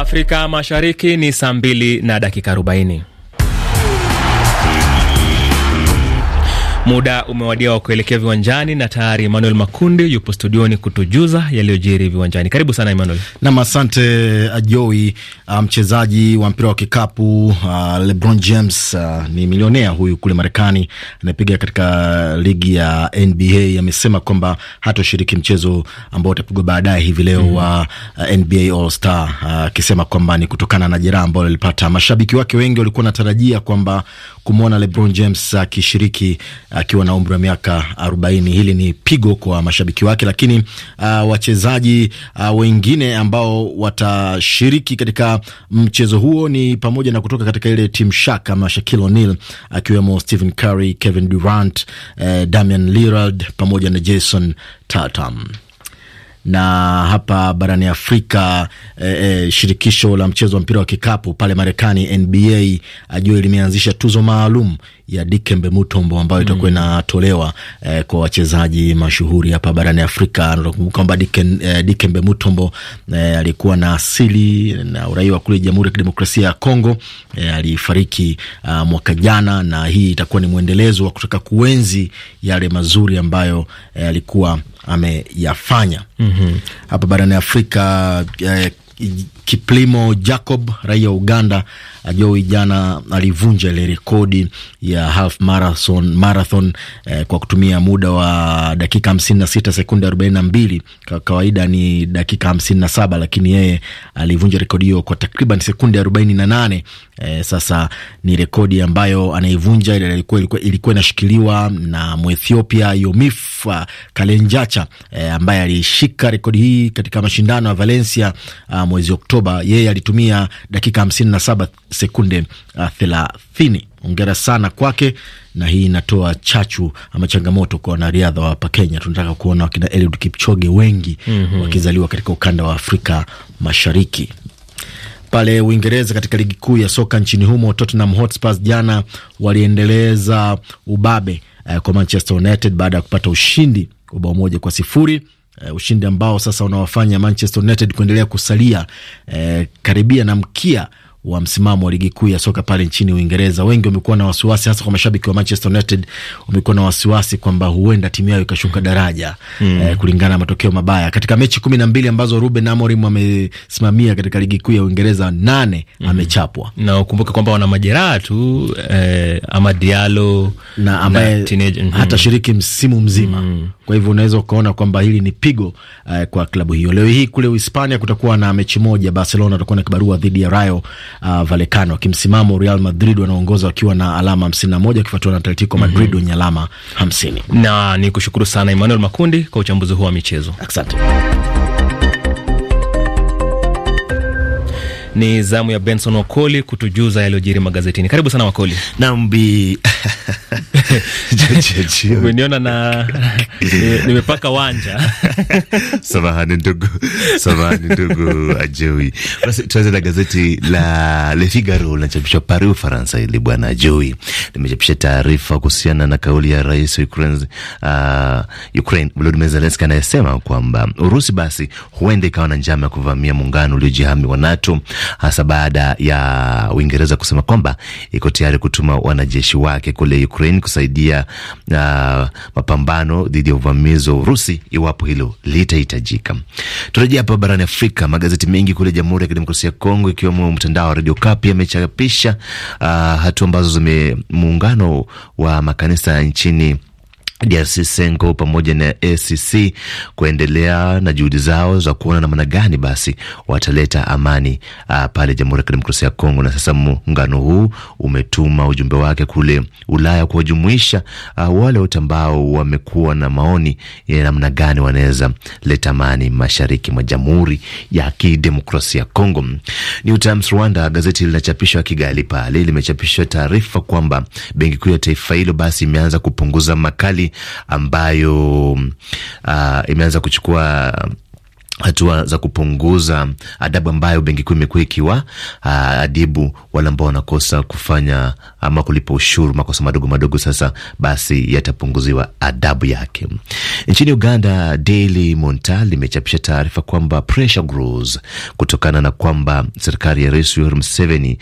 Afrika Mashariki ni saa mbili na dakika arobaini. Muda umewadia wa kuelekea viwanjani na tayari Emmanuel Makundi yupo studioni kutujuza yaliyojiri viwanjani. Karibu sana Emmanuel. Nam, asante Ajoi. Uh, uh, mchezaji um, wa mpira wa kikapu uh, LeBron James uh, ni milionea huyu kule Marekani, anapiga katika uh, ligi ya NBA. Amesema kwamba hatoshiriki mchezo ambao utapigwa baadaye hivi leo hmm. wa uh, NBA All Star, akisema uh, kwamba ni kutokana na jeraha ambalo alipata. Mashabiki wake wengi walikuwa wanatarajia kwamba kumwona LeBron James akishiriki akiwa na umri wa miaka 40. Hili ni pigo kwa mashabiki wake, lakini uh, wachezaji uh, wengine ambao watashiriki katika mchezo huo ni pamoja na kutoka katika ile timu shaka ama Shaquille O'Neal, akiwemo Stephen Curry, Kevin Durant, eh, Damian Lillard pamoja na Jason Tatum na hapa barani Afrika eh, eh, shirikisho la mchezo wa mpira wa kikapu pale Marekani NBA ajue limeanzisha tuzo maalum ya Dikembe Mutombo ambayo mm. itakuwa inatolewa eh, kwa wachezaji mashuhuri hapa barani Afrika. Nakumbuka kwamba Dikembe, eh, Dikembe Mutombo eh, alikuwa na asili na uraia wa kule Jamhuri ya Kidemokrasia ya Kongo eh, alifariki ah, mwaka jana, na hii itakuwa ni mwendelezo wa kutaka kuenzi yale mazuri ambayo eh, alikuwa ameyafanya mm -hmm. hapa barani Afrika eh, Kiplimo Jacob raia wa Uganda Joey jana alivunja ile rekodi ya half marathon, marathon eh, kwa kutumia muda wa dakika 56 sekunde 42. Kwa Kawaida ni dakika 57, lakini yeye alivunja rekodi hiyo kwa takriban sekunde 48. Eh, sasa ni rekodi ambayo anaivunja, ile ilikuwa ilikuwa ilikuwa inashikiliwa na Mwethiopia Yomif eh, Kalenjacha eh, ambaye alishika rekodi hii katika mashindano ya Valencia ah, mwezi Oktoba. Yeye alitumia dakika 57 sekunde uh, thelathini. Hongera sana kwake, na hii inatoa chachu ama changamoto kwa wanariadha wa hapa Kenya. Tunataka kuona wakina Eliud Kipchoge wengi mm -hmm. wakizaliwa katika ukanda wa Afrika Mashariki. Pale Uingereza, katika ligi kuu ya soka nchini humo, Tottenham Hotspur jana waliendeleza ubabe uh, kwa Manchester United baada ya kupata ushindi wa bao moja kwa sifuri. Uh, ushindi ambao sasa unawafanya Manchester United kuendelea kusalia uh, karibia na mkia wa msimamo wa ligi kuu ya soka pale nchini Uingereza. Wengi wamekuwa na wasiwasi, hasa kwa mashabiki wa Manchester United wamekuwa na wasiwasi kwamba huenda timu yao ikashuka daraja mm. eh, kulingana na matokeo mabaya katika mechi kumi na mbili ambazo Ruben Amorim amesimamia katika ligi kuu ya Uingereza, nane mm. amechapwa, na ukumbuke kwamba wana majeraha tu eh, ama Diallo na ambaye hmm. hata shiriki msimu mzima mm. kwa hivyo unaweza ukaona kwamba hili ni pigo eh, kwa klabu hiyo. Leo hii kule Uhispania kutakuwa na mechi moja, Barcelona atakuwa na kibarua dhidi ya Rayo uh, Vallecano. Akimsimamo Real Madrid wanaongoza wakiwa na alama 51 wakifuatiwa na Atletico mhm. Madrid mm -hmm. wenye alama 50. Na ni kushukuru sana Emmanuel Makundi kwa uchambuzi huu wa michezo. Asante. Ni zamu ya Benson Wakoli kutujuza yaliyojiri magazetini. Karibu sana Wakoli. Nambi umeniona na nimepaka wanja. Samahani ndugu, samahani ndugu Ajoi. Basi tuanze na gazeti la Le Figaro linachapishwa Paris, Ufaransa. Ili bwana ajoi limechapisha taarifa kuhusiana na kauli ya rais wa Ukraine, uh, Ukraine Volodymyr Zelensky anayesema kwamba Urusi basi huenda ikawa na njama ya kuvamia muungano uliojihami wa NATO hasa baada ya Uingereza kusema kwamba iko tayari kutuma wanajeshi wake kule Ukraine kusaidia uh, mapambano dhidi ya uvamizi wa Urusi iwapo hilo litahitajika. Turejea hapa barani Afrika. Magazeti mengi kule Jamhuri ya Kidemokrasia ya Kongo, ikiwemo mtandao wa Radio Kapi, amechapisha uh, ah, hatua ambazo zime muungano wa makanisa nchini DRC Senko pamoja na ACC kuendelea na juhudi zao za kuona namna gani basi wataleta amani uh, pale Jamhuri ya Kidemokrasia ya Kongo. Na sasa muungano huu umetuma ujumbe wake kule Ulaya kuwajumuisha ah, wale wote ambao wamekuwa na maoni ya namna gani wanaweza leta amani mashariki mwa Jamhuri ya Kidemokrasia ya Kongo. New Times Rwanda, gazeti linachapishwa Kigali, pale limechapishwa taarifa kwamba benki kuu ya taifa hilo basi imeanza kupunguza makali ambayo uh, imeanza kuchukua hatua za kupunguza adabu ambayo benki kuu imekuwa ikiwa ah, adibu wale ambao wanakosa kufanya ama kulipa ushuru makosa madogo madogo, sasa basi yatapunguziwa adabu yake. Nchini Uganda, Daily Monitor limechapisha taarifa kwamba pressure grows kutokana na kwamba serikali ya Rais Yoweri Museveni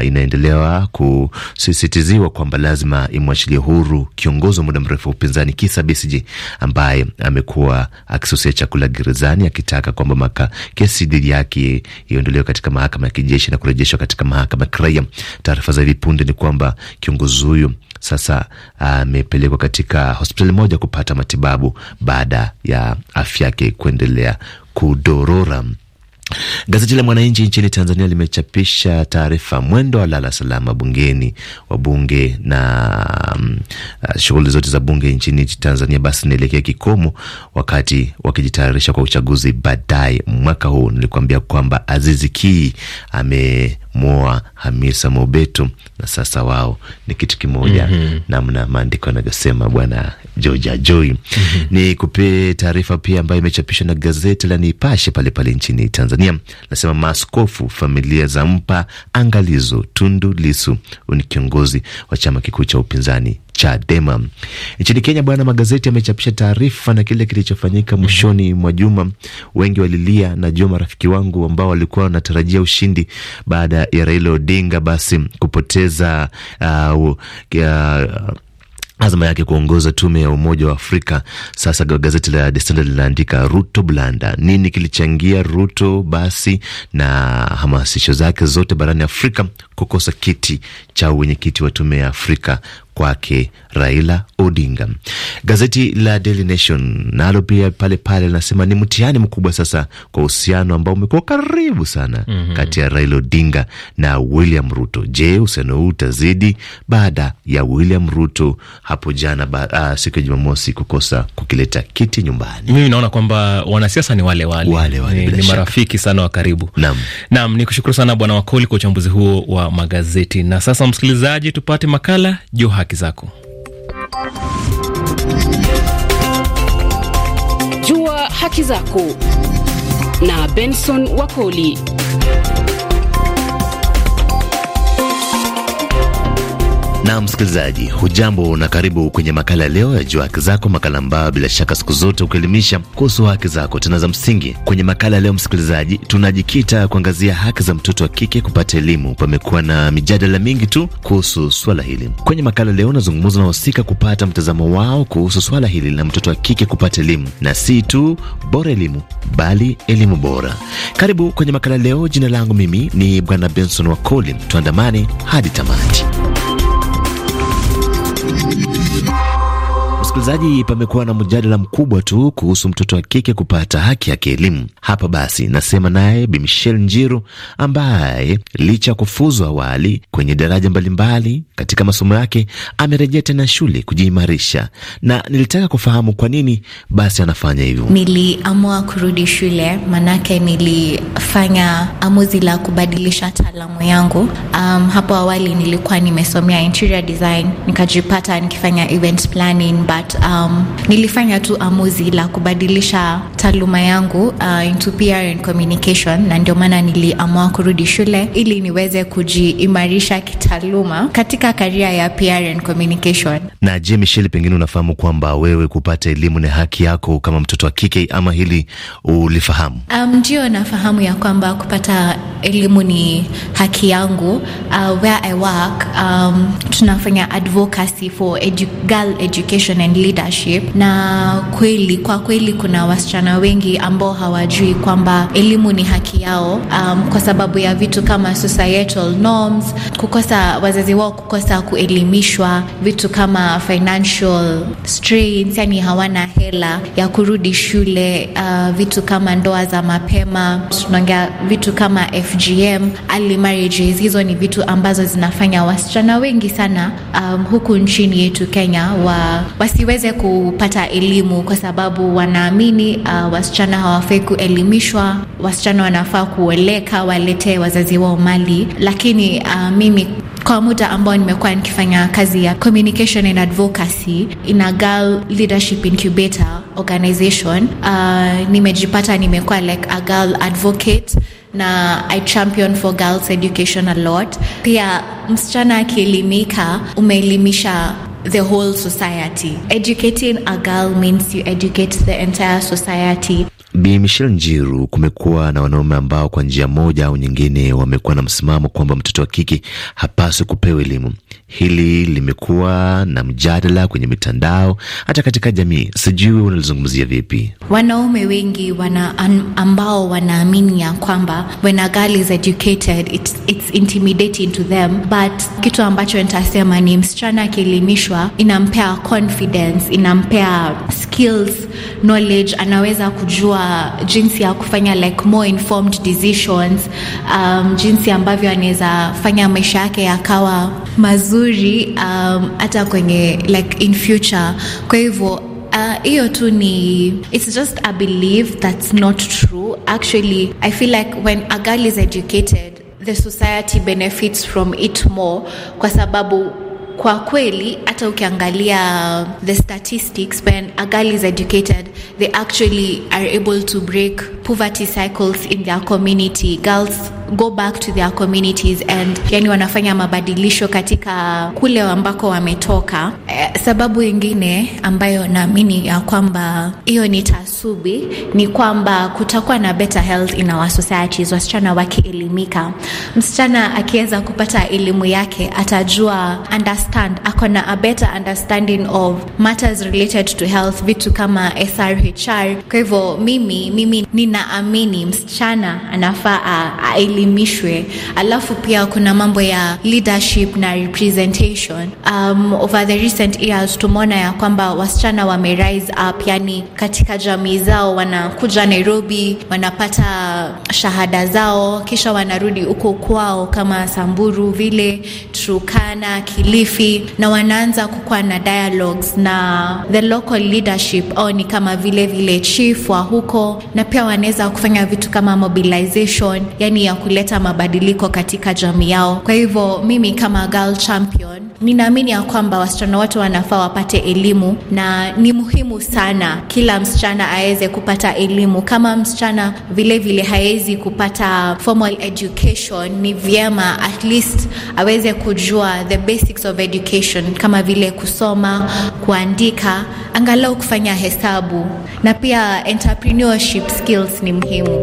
inaendelewa kusisitiziwa kwamba lazima imwachilie huru kiongozi wa muda mrefu wa upinzani Kizza Besigye ambaye amekuwa akisusia chakula gerezani Marekani akitaka kwamba kesi dhidi yake iondolewe katika mahakama ya kijeshi na kurejeshwa katika mahakama ya kiraia. Taarifa za hivi punde ni kwamba kiongozi huyu sasa amepelekwa katika hospitali moja kupata matibabu baada ya afya yake kuendelea kudorora. Gazeti la Mwananchi nchini Tanzania limechapisha taarifa mwendo wa lala salama bungeni wa bunge na um, uh, shughuli zote za bunge nchini Tanzania basi inaelekea kikomo, wakati wakijitayarisha kwa uchaguzi baadaye mwaka huu. Nilikuambia kwamba Azizi Ki amemwoa Hamisa Mobeto na sasa wao ni kitu kimoja, mm -hmm. namna maandiko anavyosema bwana Joja Joy. mm -hmm. Ni kupee taarifa pia ambayo imechapishwa na gazeti la Nipashe palepale nchini Tanzania Tanzania nasema maaskofu familia za mpa angalizo. Tundu Lisu ni kiongozi wa chama kikuu cha upinzani Chadema. Nchini Kenya bwana, magazeti yamechapisha taarifa na kile kilichofanyika mwishoni mwa juma. Wengi walilia, na jua marafiki wangu ambao walikuwa wanatarajia ushindi baada ya Raila Odinga basi kupoteza uh, uh, azma yake kuongoza tume ya Umoja wa Afrika. Sasa gazeti la The Standard linaandika Ruto blanda, nini kilichangia Ruto basi na hamasisho zake zote barani Afrika kukosa kiti cha wenyekiti wa tume ya Afrika kwake Raila Odinga. Gazeti la Daily Nation nalo pia pale pale linasema ni mtihani mkubwa sasa kwa uhusiano ambao umekuwa karibu sana mm -hmm. kati ya Raila Odinga na William Ruto. Je, uhusiano huu utazidi baada ya William Ruto hapo jana ba, a, ah, siku ya Jumamosi kukosa kukileta kiti nyumbani? Mimi naona kwamba wanasiasa ni wale wale, wale, wale ni, ni marafiki sana wa karibu. Naam, naam, kushukuru sana Bwana Wakoli kwa uchambuzi huo wa magazeti. Na sasa msikilizaji, tupate makala Joha haki zako. Jua haki zako na Benson Wakoli. Na msikilizaji, hujambo na karibu kwenye makala leo ya Jua Haki Zako, makala ambayo bila shaka siku zote hukuelimisha kuhusu haki zako tena za msingi. Kwenye makala leo, msikilizaji, tunajikita kuangazia haki za mtoto wa kike kupata elimu. Pamekuwa na mijadala mingi tu kuhusu swala hili. Kwenye makala leo, nazungumza na wahusika kupata mtazamo wao kuhusu swala hili la mtoto wa kike kupata elimu, na si tu bora elimu, bali elimu bora. Karibu kwenye makala leo. Jina langu mimi ni Bwana Benson Wakoli, tuandamane hadi tamati. Msikilizaji, pamekuwa na mjadala mkubwa tu kuhusu mtoto wa kike kupata haki ya kielimu. Hapa basi nasema naye Bi Njiru, ambaye licha ya kufuzwa awali kwenye daraja mbalimbali katika masomo yake amerejea tena shule kujiimarisha, na nilitaka kufahamu kwa nini basi anafanya hivyo. Niliamua kurudi shule manake nilifanya amuzi la kubadilisha taalamu yangu. Um, hapo awali nilikuwa nimesomea interior design nikajipata nikifanya event planning but but um, nilifanya tu amuzi la kubadilisha taaluma yangu uh, into PR and communication, na ndio maana niliamua kurudi shule ili niweze kujiimarisha kitaaluma katika karia ya PR and communication. Na je, Michelle, pengine unafahamu kwamba wewe kupata elimu ni haki yako kama mtoto wa kike, ama hili ulifahamu? Um, ndio, nafahamu ya kwamba kupata elimu ni haki yangu. Uh, where I work, um, tunafanya advocacy for edu girl education and and leadership, na kweli kwa kweli kuna wasichana wengi ambao hawajui kwamba elimu ni haki yao, um, kwa sababu ya vitu kama societal norms, kukosa wazazi wao kukosa kuelimishwa, vitu kama financial strains, yani hawana hela ya kurudi shule, uh, vitu kama ndoa za mapema, tunaongea vitu kama FGM, early marriages. Hizo ni vitu ambazo zinafanya wasichana wengi sana, um, huku nchini yetu Kenya wa wasi iweze kupata elimu, kwa sababu wanaamini uh, wasichana hawafai kuelimishwa, wasichana wanafaa kuoleka, waletee wazazi wao mali. Lakini uh, mimi kwa muda ambao nimekuwa nikifanya kazi ya communication and advocacy ina Girl Leadership Incubator Organization, uh, nimejipata nimekuwa like a girl advocate na I champion for girls education a lot. Pia msichana akielimika, umeelimisha the whole society. Educating a girl means you educate the entire society. Bi Michelle Njiru, kumekuwa na wanaume ambao kwa njia moja au nyingine wamekuwa na msimamo kwamba mtoto wa kike hapaswi kupewa elimu. Hili limekuwa na mjadala kwenye mitandao, hata katika jamii. Sijui unalizungumzia vipi? Wanaume wengi wana ambao wanaamini ya kwamba when a girl is educated it's, it's intimidating to them, but kitu ambacho nitasema ni msichana akielimishwa, inampea confidence, inampea skills, knowledge, anaweza kujua Uh, jinsi ya kufanya like more informed decisions, um, jinsi ambavyo anaweza fanya maisha yake yakawa mazuri um, hata kwenye like in future. Kwa hivyo uh, hiyo uh, tu ni it's just a belief that's not true actually. I feel like when a girl is educated the society benefits from it more kwa sababu kwa kweli hata ukiangalia the statistics when a girl is educated they actually are able to break poverty cycles in their community girls go back to their communities and yani wanafanya mabadilisho katika kule ambako wametoka. Eh, sababu ingine ambayo naamini ya kwamba hiyo ni tasubi ni kwamba kutakuwa na better health in our societies, wasichana wakielimika. Msichana akiweza kupata elimu yake atajua understand, ako na a better understanding of matters related to health, vitu kama SRHR. Kwa hivyo mimi mimi ninaamini msichana anafaa aelimike waelimishwe. Alafu pia kuna mambo ya leadership na representation. Um, over the recent years tumeona ya kwamba wasichana wame rise up, yani katika jamii zao wanakuja Nairobi wanapata shahada zao kisha wanarudi huko kwao kama Samburu vile, Turkana, Kilifi na wanaanza kukuwa na dialogues na the local leadership au ni kama vile vile chief wa huko, na pia wanaweza kufanya vitu kama mobilization, yani ya kuleta mabadiliko katika jamii yao. Kwa hivyo mimi kama girl champion ninaamini ya kwamba wasichana wote wanafaa wapate elimu, na ni muhimu sana kila msichana aweze kupata elimu. Kama msichana vilevile hawezi kupata formal education, ni vyema at least aweze kujua the basics of education, kama vile kusoma, kuandika, angalau kufanya hesabu, na pia entrepreneurship skills ni muhimu.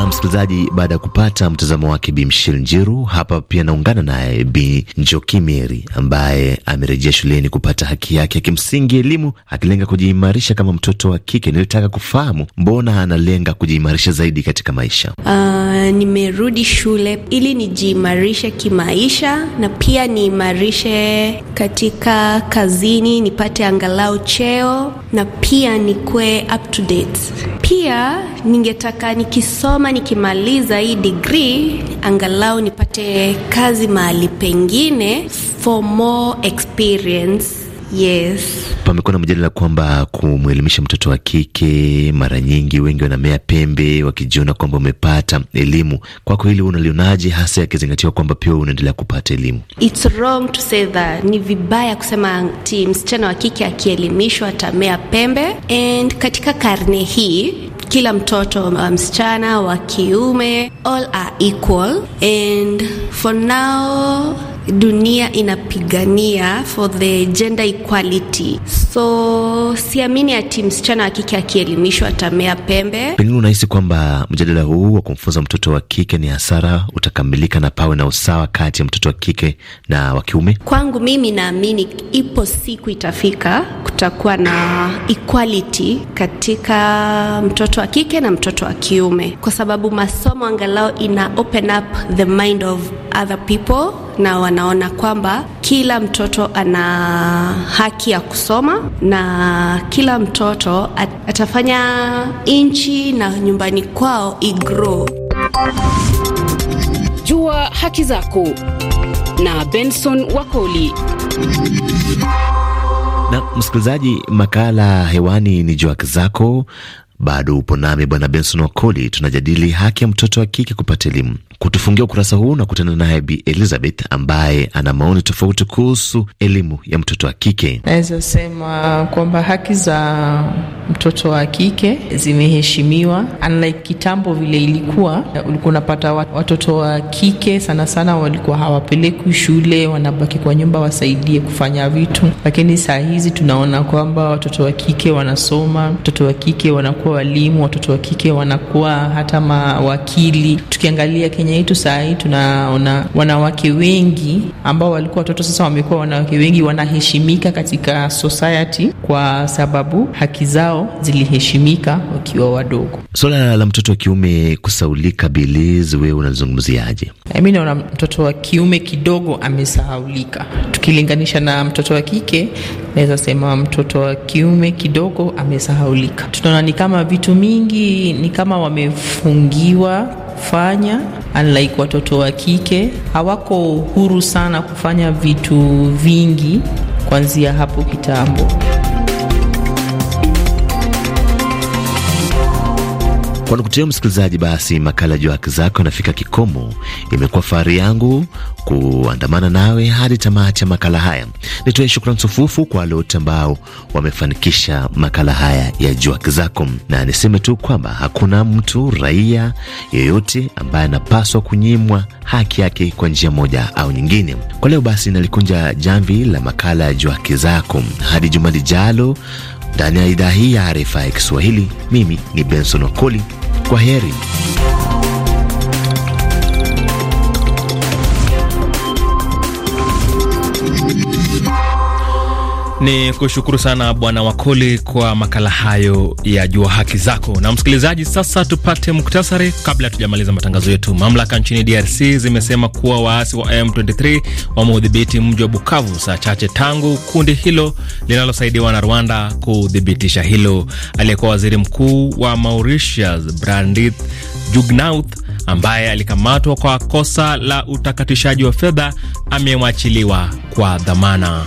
na msikilizaji, baada ya kupata mtazamo wake Bi Mshil Njiru, hapa pia naungana naye Bi Njoki Meri ambaye amerejea shuleni kupata haki yake ya kimsingi elimu, akilenga kujiimarisha kama mtoto wa kike. Nilitaka kufahamu mbona analenga kujiimarisha zaidi katika maisha. Uh, nimerudi shule ili nijiimarishe kimaisha na pia niimarishe katika kazini, nipate angalau cheo na pia nikwe up to date. Pia ningetaka nikisoma kwamba nikimaliza hii degree angalau nipate kazi mahali pengine for more experience Yes. Pamekuwa na mjadala kwamba kumwelimisha mtoto wa kike, mara nyingi wengi wanamea pembe wakijiona kwamba umepata elimu. Kwako hili unalionaje, hasa yakizingatiwa kwamba pia unaendelea kupata elimu? It's wrong to say that, ni vibaya kusema ti msichana wa kike akielimishwa atamea pembe. And katika karne hii kila mtoto wa msichana wa kiume, all are equal and for now dunia inapigania for the gender equality, so siamini ati msichana wa kike akielimishwa atamea pembe. Pengine unahisi kwamba mjadala huu wa kumfunza mtoto wa kike ni hasara utakamilika na pawe na usawa kati ya mtoto wa kike na wa kiume? Kwangu mimi, naamini ipo siku itafika, kutakuwa na equality katika mtoto wa kike na mtoto wa kiume, kwa sababu masomo angalau ina open up the mind of other people na wanaona kwamba kila mtoto ana haki ya kusoma na kila mtoto atafanya nchi na nyumbani kwao igro. Jua haki zako na Benson Wakoli. Na msikilizaji, makala hewani ni Jua haki zako. Bado upo nami Bwana Benson Wakoli, tunajadili haki ya mtoto wa kike kupata elimu kutufungia ukurasa huu na kutana naye Bi Elizabeth ambaye ana maoni tofauti kuhusu elimu ya mtoto wa kike. Naweza sema kwamba haki za mtoto wa kike zimeheshimiwa, unlike kitambo vile ilikuwa. Ulikuwa unapata watoto wa kike sana sana walikuwa hawapelekwi shule, wanabaki kwa nyumba wasaidie kufanya vitu, lakini saa hizi tunaona kwamba watoto wa kike wanasoma, watoto wa kike wanakuwa walimu, watoto wa kike wanakuwa hata mawakili. Tukiangalia Kenya Kenya yetu saa hii tunaona wanawake wengi ambao walikuwa watoto, sasa wamekuwa wanawake wengi wanaheshimika katika society kwa sababu haki zao ziliheshimika wakiwa wadogo. Swala la mtoto wa kiume kusaulika, Bilizi, wewe unazungumziaje? Mi naona mtoto wa kiume kidogo amesahaulika tukilinganisha na mtoto wa kike. Naweza sema mtoto wa kiume kidogo amesahaulika. Tunaona ni kama vitu mingi, ni kama wamefungiwa kufanya, unlike watoto wa kike hawako huru sana kufanya vitu vingi kuanzia hapo kitambo. Kwa nukutia msikilizaji, basi makala juu haki zako yanafika kikomo. Imekuwa fahari yangu kuandamana nawe hadi tamati ya makala haya. Nitoe shukran sufufu kwa wale wote ambao wamefanikisha makala haya ya juu haki zako, na niseme tu kwamba hakuna mtu raia yeyote ambaye anapaswa kunyimwa haki yake kwa njia moja au nyingine. Kwa leo basi, nalikunja jamvi la makala ya juu haki zako hadi juma lijalo. Ndani ya idhaa hii ya RFI Kiswahili, mimi ni Benson Okoli. Kwa heri. Ni kushukuru sana Bwana Wakoli kwa makala hayo ya jua haki zako. Na msikilizaji, sasa tupate muktasari kabla hatujamaliza matangazo yetu. Mamlaka nchini DRC zimesema kuwa waasi wa M23 wameudhibiti mji wa Bukavu saa chache tangu kundi hilo linalosaidiwa na Rwanda kuthibitisha hilo. Aliyekuwa waziri mkuu wa Mauritius brandit Jugnauth ambaye alikamatwa kwa kosa la utakatishaji wa fedha amewachiliwa kwa dhamana.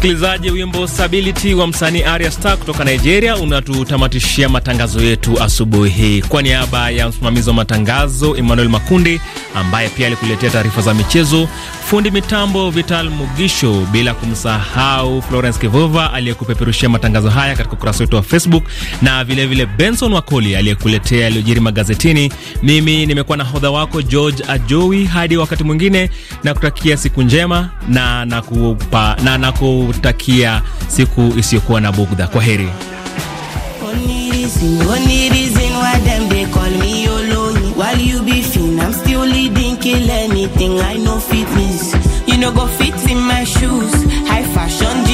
Msikilizaji, wimbo Stability wa msanii aria Star kutoka Nigeria unatutamatishia matangazo yetu asubuhi hii. Kwa niaba ya msimamizi wa matangazo Emmanuel Makundi, ambaye pia alikuletea taarifa za michezo, fundi mitambo Vital Mugisho, bila kumsahau Florence Kevova aliyekupeperushia matangazo haya katika ukurasa wetu wa Facebook, na vilevile vile Benson Wakoli aliyekuletea yaliyojiri magazetini. Mimi nimekuwa na hodha wako George Ajowi, hadi wakati mwingine, na kutakia siku njema na nakutakia na, nakutakia siku isiyokuwa na bugdha. Kwa heri. kill anything I no fit You no go fit in my shoes. High fashion.